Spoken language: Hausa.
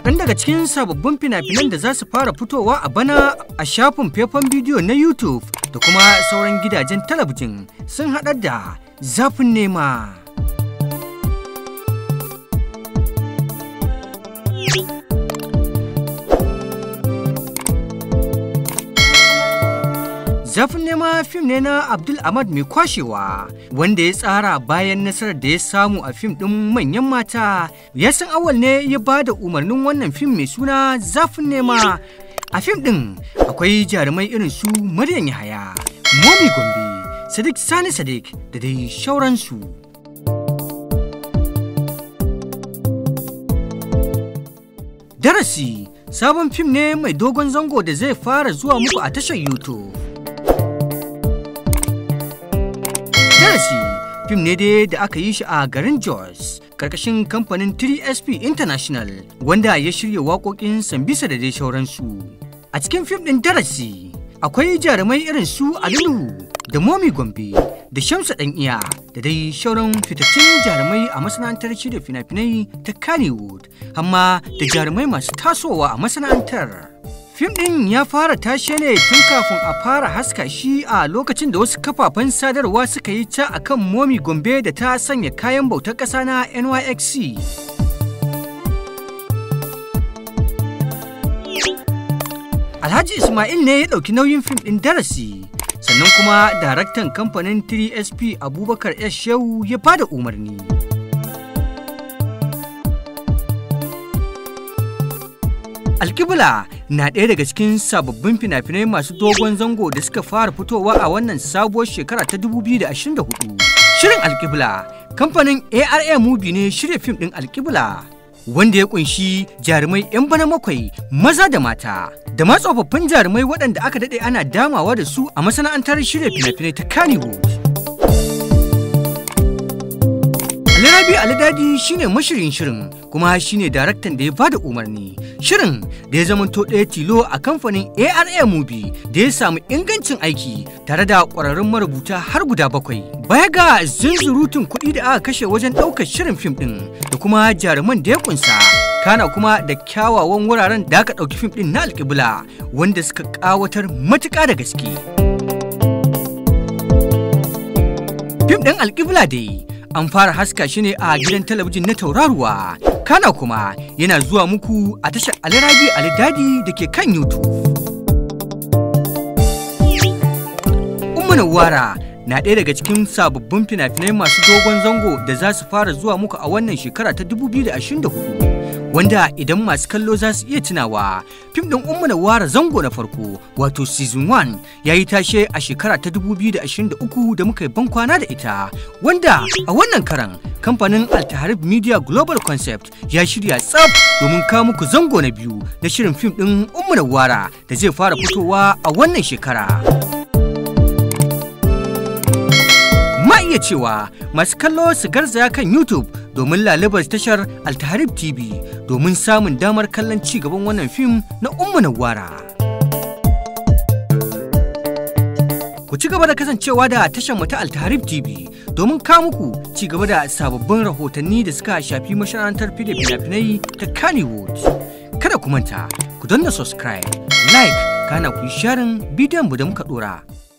Kaɗan daga cikin sababbin fina-finan da za su fara fitowa a bana a shafin faifan bidiyo na YouTube da kuma sauran gidajen talabijin sun haɗar da zafin nema. Zafin nema fim ne na Abdul Ahmad mai kwashewa wanda ya tsara bayan nasarar da ya samu a fim ɗin manyan mata. Ya san awal ne ya ba da umarnin wannan fim mai suna Zafin nema. A fim ɗin akwai jarumai irin su Maryam Yahaya, Momi Gombe, Sadiq Sani Sadiq da dai shauransu. Darasi sabon fim ne mai dogon zango da zai fara zuwa muku a tashar YouTube. Jersey fim ne dai da aka yi shi a garin Jos karkashin kamfanin 3SP International wanda ya shirya waƙoƙin Sambisa da dai sauransu. A cikin fim ɗin darasi akwai jarumai irin su Alilu da Momi Gombe da Shamsa ɗan iya da dai sauran fitattun jarumai a masana'antar shirya fina-finai ta Kannywood amma da jarumai masu tasowa a masana'antar. Fim ɗin ya fara tashe ne tun kafin a fara haska shi a lokacin da wasu kafafen sadarwa suka yi ta akan momi Gombe da ta sanya kayan bautar ƙasa na NYXC. Alhaji Ismail ne ya ɗauki nauyin fim ɗin darasi, sannan kuma daraktan kamfanin 3SP Abubakar S. ya bada umarni. Alkibla na ɗaya daga cikin sababbin fina-finai masu dogon zango da suka fara fitowa a wannan sabuwar shekara ta 2024. Shirin Alkibla kamfanin ARA Movie ne shirya fim ɗin Alkibla wanda ya kunshi jarumai 'yan bana makwai maza da mata da ma tsofaffin jarumai waɗanda aka daɗe ana damawa da su a masana'antar shirya fina-finai ta Kannywood. Rabi shi shine mashirin shirin kuma shine daraktan da ya bada umarni. Shirin da ya zama zamanto ɗaya tilo a kamfanin ARA Movie da ya samu ingancin aiki tare da ƙwararrun marubuta har guda bakwai. Baya ga zunzurutun kuɗi da aka kashe wajen ɗaukar shirin fim ɗin da kuma jaruman da ya kunsa. Kana kuma da kyawawan wuraren da aka ɗauki fim ɗin na alƙibla wanda suka ƙawatar matuƙa da gaske. Fim ɗin alƙibla dai an fara haska shi ne a gidan talabijin na tauraruwa kana kuma yana zuwa muku a tashar alirabi alidadi da ke kan youtube wara na ɗaya daga cikin sababbin fina-finai masu dogon zango da za su fara zuwa muku a wannan shekara ta 2024 wanda idan masu kallo za su iya tunawa fim ɗin umma wara zango na farko wato season 1 ya yi tashe a shekara ta 2023 da muka yi ban kwana da ita wanda a wannan karan kamfanin altaharib media global concept ya shirya tsaf domin kawo muku zango na biyu na shirin fim ɗin umma wara da zai fara fitowa a wannan shekara. iya cewa masu kallo su garzaya kan YouTube domin lalibar tashar Altaharib TV domin samun damar kallon ci gaban wannan fim na Umma Nawara. Ku ci gaba da kasancewa da tashar mu ta Altaharib TV domin kamuku ci gaba da sababbin rahotanni da suka shafi masana'antar fide fina-finai ta Kannywood. Kada ku manta, ku danna subscribe, like, kana ku sharin bidiyon mu da muka dora.